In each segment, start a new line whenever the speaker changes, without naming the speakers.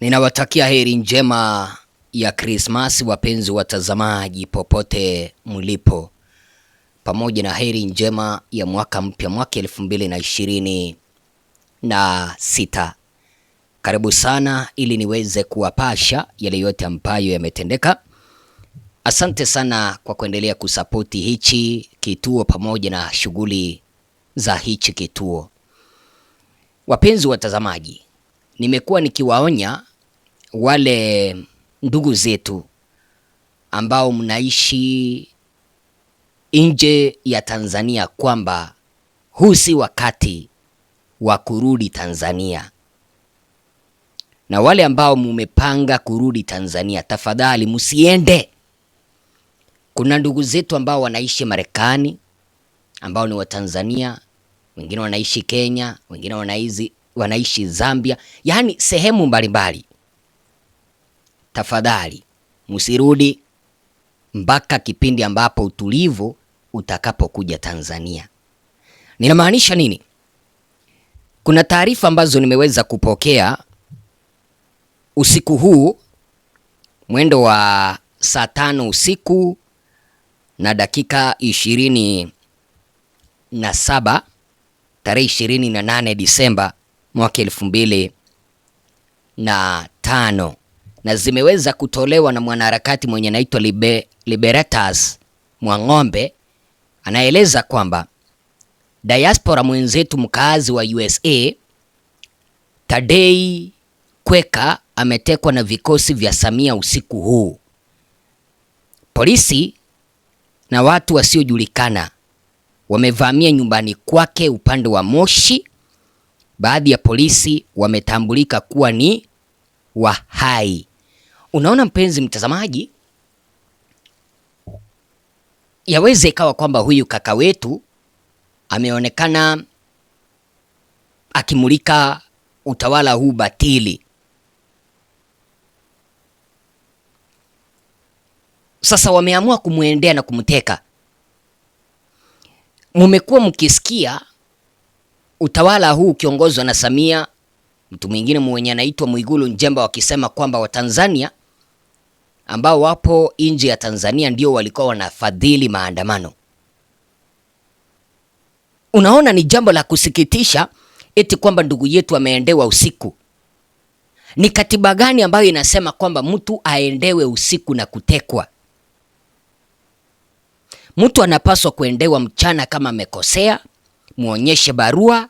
Ninawatakia heri njema ya Krismasi wapenzi watazamaji popote mlipo, pamoja na heri njema ya mwaka mpya, mwaka elfu mbili na ishirini na sita. Karibu sana ili niweze kuwapasha yale yote ambayo yametendeka. Asante sana kwa kuendelea kusapoti hichi kituo pamoja na shughuli za hichi kituo, wapenzi watazamaji nimekuwa nikiwaonya wale ndugu zetu ambao mnaishi nje ya Tanzania kwamba huu si wakati wa kurudi Tanzania, na wale ambao mumepanga kurudi Tanzania, tafadhali msiende. Kuna ndugu zetu ambao wanaishi Marekani ambao ni Watanzania, wengine wanaishi Kenya, wengine wanaishi wanaishi Zambia, yaani sehemu mbalimbali. Tafadhali msirudi mpaka kipindi ambapo utulivu utakapokuja Tanzania. Ninamaanisha nini? Kuna taarifa ambazo nimeweza kupokea usiku huu mwendo wa saa tano usiku na dakika ishirini na saba tarehe ishirini na nane Disemba mwaka elfu mbili na tano na zimeweza kutolewa na mwanaharakati mwenye anaitwa Libe, Liberatas Mwang'ombe anaeleza kwamba diaspora mwenzetu mkaazi wa USA Tadei Kweka ametekwa na vikosi vya Samia usiku huu. Polisi na watu wasiojulikana wamevamia nyumbani kwake upande wa Moshi baadhi ya polisi wametambulika kuwa ni wahai. Unaona mpenzi mtazamaji, yaweze ikawa kwamba huyu kaka wetu ameonekana akimulika utawala huu batili. Sasa wameamua kumwendea na kumteka. Mumekuwa mkisikia utawala huu ukiongozwa na Samia, mtu mwingine mwenye anaitwa Mwigulu njemba wakisema kwamba Watanzania ambao wapo nje ya Tanzania ndio walikuwa wanafadhili maandamano. Unaona, ni jambo la kusikitisha eti kwamba ndugu yetu ameendewa usiku. Ni katiba gani ambayo inasema kwamba mtu aendewe usiku na kutekwa? Mtu anapaswa kuendewa mchana kama amekosea muonyeshe barua,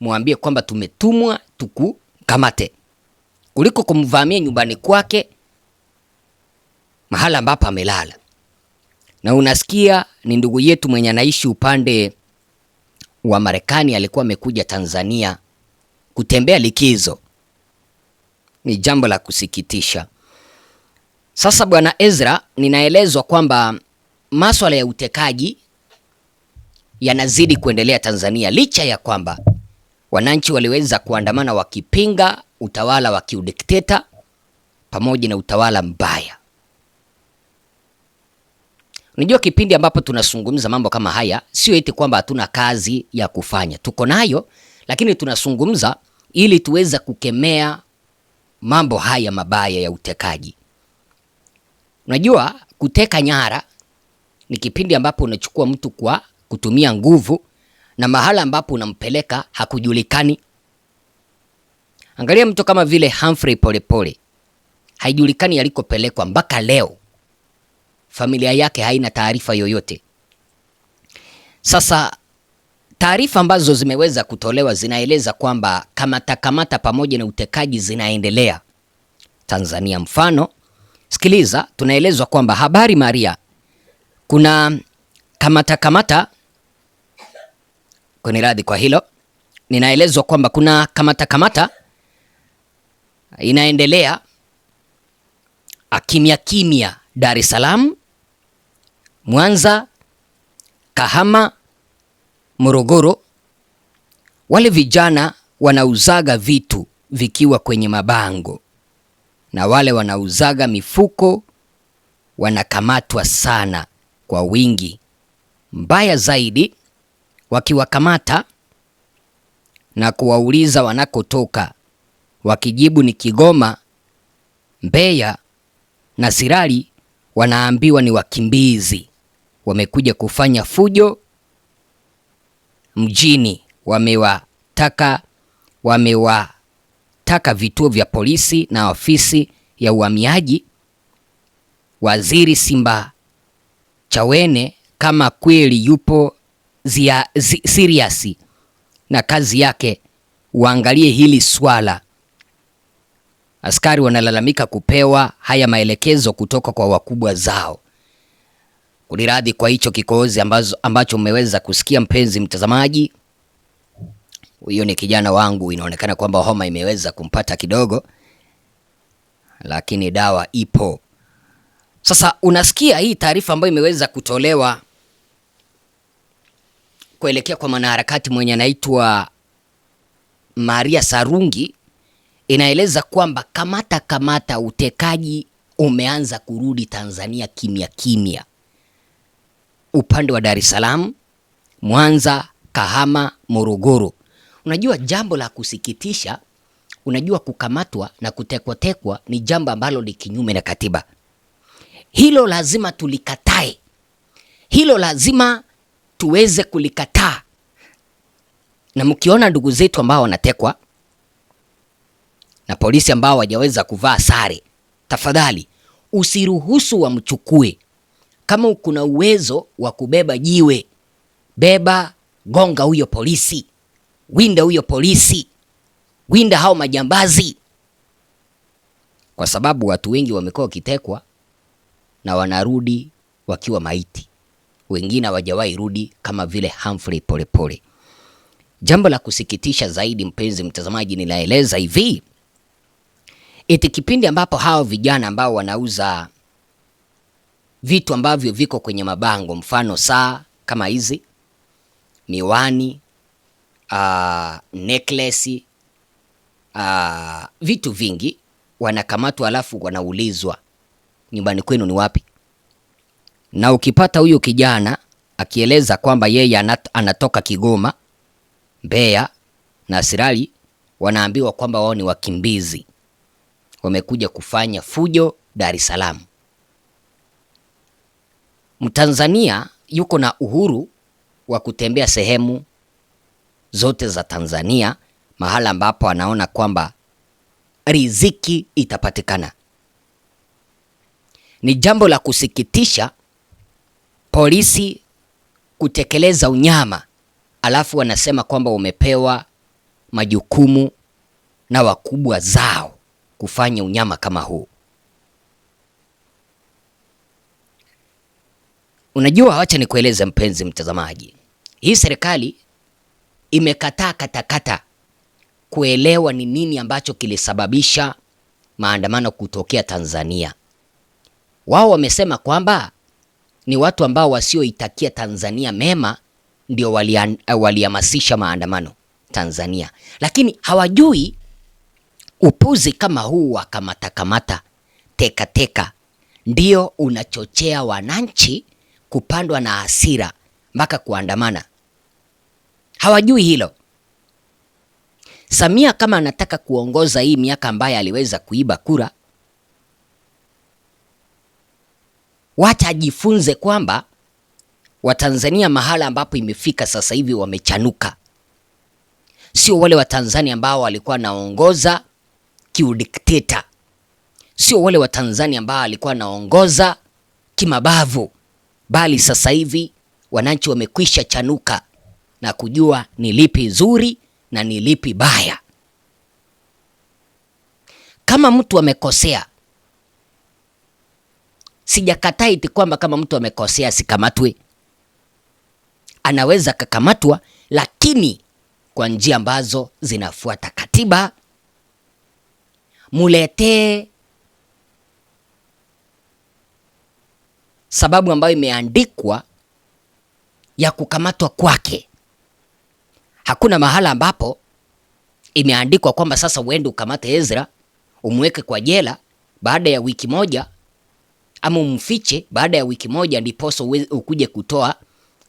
mwambie kwamba tumetumwa tukukamate, kuliko kumvamia nyumbani kwake mahala ambapo amelala. Na unasikia ni ndugu yetu mwenye anaishi upande wa Marekani alikuwa amekuja Tanzania kutembea likizo. Ni jambo la kusikitisha. Sasa Bwana Ezra, ninaelezwa kwamba maswala ya utekaji yanazidi kuendelea Tanzania licha ya kwamba wananchi waliweza kuandamana wakipinga utawala wa kiudikteta pamoja na utawala mbaya. Unajua, kipindi ambapo tunazungumza mambo kama haya, sio eti kwamba hatuna kazi ya kufanya, tuko nayo, lakini tunazungumza ili tuweza kukemea mambo haya mabaya ya utekaji. Unajua, kuteka nyara ni kipindi ambapo unachukua mtu kwa kutumia nguvu na mahala ambapo unampeleka hakujulikani. Angalia mtu kama vile Humphrey Polepole, haijulikani alikopelekwa mpaka leo, familia yake haina taarifa yoyote. Sasa taarifa ambazo zimeweza kutolewa zinaeleza kwamba kamata kamata pamoja na utekaji zinaendelea Tanzania. Mfano, sikiliza, tunaelezwa kwamba habari Maria, kuna kamata kamata kuniradhi kwa hilo. Ninaelezwa kwamba kuna kamata kamata inaendelea kimya kimya Dar es Salaam, Mwanza, Kahama, Morogoro. Wale vijana wanauzaga vitu vikiwa kwenye mabango na wale wanauzaga mifuko wanakamatwa sana kwa wingi. Mbaya zaidi wakiwakamata na kuwauliza wanakotoka, wakijibu ni Kigoma, Mbeya na sirali wanaambiwa ni wakimbizi wamekuja kufanya fujo mjini, wamewataka wamewataka vituo vya polisi na ofisi ya uhamiaji. Waziri Simba Chawene kama kweli yupo zia, zi, serious na kazi yake, waangalie hili swala. Askari wanalalamika kupewa haya maelekezo kutoka kwa wakubwa zao. Kuniradhi kwa hicho kikozi ambazo, ambacho umeweza kusikia mpenzi mtazamaji. Huyo ni kijana wangu, inaonekana kwamba homa imeweza kumpata kidogo, lakini dawa ipo. Sasa unasikia hii taarifa ambayo imeweza kutolewa kuelekea kwa mwanaharakati mwenye anaitwa Maria Sarungi inaeleza kwamba kamata kamata, utekaji umeanza kurudi Tanzania kimya kimya, upande wa Dar es Salaam, Mwanza, Kahama, Morogoro. Unajua, jambo la kusikitisha, unajua kukamatwa na kutekwatekwa ni jambo ambalo ni kinyume na katiba. Hilo lazima tulikatae, hilo lazima tuweze kulikataa. Na mkiona ndugu zetu ambao wanatekwa na polisi ambao wajaweza kuvaa sare, tafadhali usiruhusu wamchukue. Kama kuna uwezo wa kubeba jiwe, beba, gonga huyo polisi, winda huyo polisi, winda hao majambazi, kwa sababu watu wengi wamekuwa wakitekwa na wanarudi wakiwa maiti wengine hawajawahi rudi kama vile Humphrey Polepole. Jambo la kusikitisha zaidi, mpenzi mtazamaji, nilaeleza hivi eti kipindi ambapo hao vijana ambao wanauza vitu ambavyo viko kwenye mabango, mfano saa kama hizi, miwani, uh, necklace, uh, vitu vingi, wanakamatwa alafu wanaulizwa nyumbani kwenu ni wapi? na ukipata huyu kijana akieleza kwamba yeye anatoka Kigoma, Mbeya na sirali wanaambiwa kwamba wao ni wakimbizi wamekuja kufanya fujo Dar es Salaam. Mtanzania yuko na uhuru wa kutembea sehemu zote za Tanzania, mahala ambapo anaona kwamba riziki itapatikana. Ni jambo la kusikitisha polisi kutekeleza unyama, alafu wanasema kwamba umepewa majukumu na wakubwa zao kufanya unyama kama huu. Unajua, wacha nikueleze mpenzi mtazamaji, hii serikali imekataa katakata kuelewa ni nini ambacho kilisababisha maandamano kutokea Tanzania. Wao wamesema kwamba ni watu ambao wasioitakia Tanzania mema ndio eh, walihamasisha maandamano Tanzania, lakini hawajui upuzi kama huu wa kamata teka tekateka ndio unachochea wananchi kupandwa na hasira mpaka kuandamana. Hawajui hilo. Samia kama anataka kuongoza hii miaka ambayo aliweza kuiba kura wacha ajifunze kwamba Watanzania mahala ambapo imefika sasa hivi wamechanuka, sio wale Watanzania ambao walikuwa naongoza kiudikteta, sio wale Watanzania ambao walikuwa naongoza kimabavu, bali sasa hivi wananchi wamekwisha chanuka na kujua ni lipi zuri na ni lipi baya. Kama mtu amekosea Sijakataa iti kwamba kama mtu amekosea asikamatwe, anaweza akakamatwa, lakini kwa njia ambazo zinafuata katiba. Muletee sababu ambayo imeandikwa ya kukamatwa kwake. Hakuna mahala ambapo imeandikwa kwamba sasa uende ukamate Ezra umweke kwa jela, baada ya wiki moja ama umfiche baada ya wiki moja, ndiposo ukuje kutoa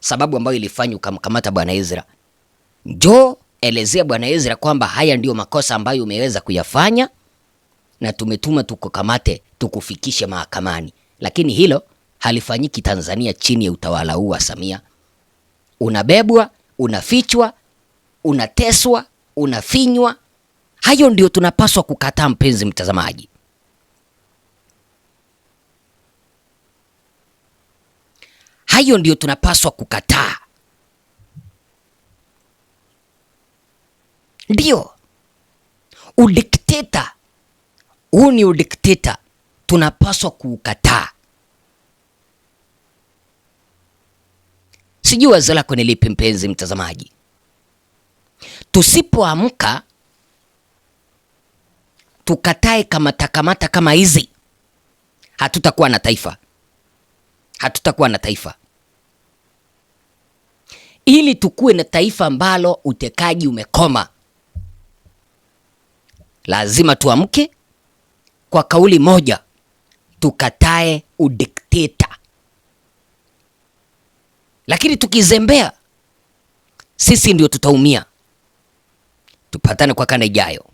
sababu ambayo ilifanya ukamkamata bwana Ezra. Njoo elezea bwana Ezra kwamba haya ndiyo makosa ambayo umeweza kuyafanya na tumetuma tukukamate tukufikishe mahakamani, lakini hilo halifanyiki Tanzania chini ya utawala huu wa Samia. Unabebwa, unafichwa, unateswa, unafinywa. Hayo ndio tunapaswa kukataa, mpenzi mtazamaji. Hayo ndiyo tunapaswa kukataa. Ndiyo, udikteta huu ni udikteta, tunapaswa kuukataa. Sijui wazo lako ni lipi, mpenzi mtazamaji. Tusipoamka tukatae kamatakamata kama hizi, hatutakuwa na taifa, hatutakuwa na taifa ili tukuwe na taifa ambalo utekaji umekoma. Lazima tuamke kwa kauli moja, tukatae udikteta. Lakini tukizembea, sisi ndio tutaumia. Tupatane kwa kanda ijayo.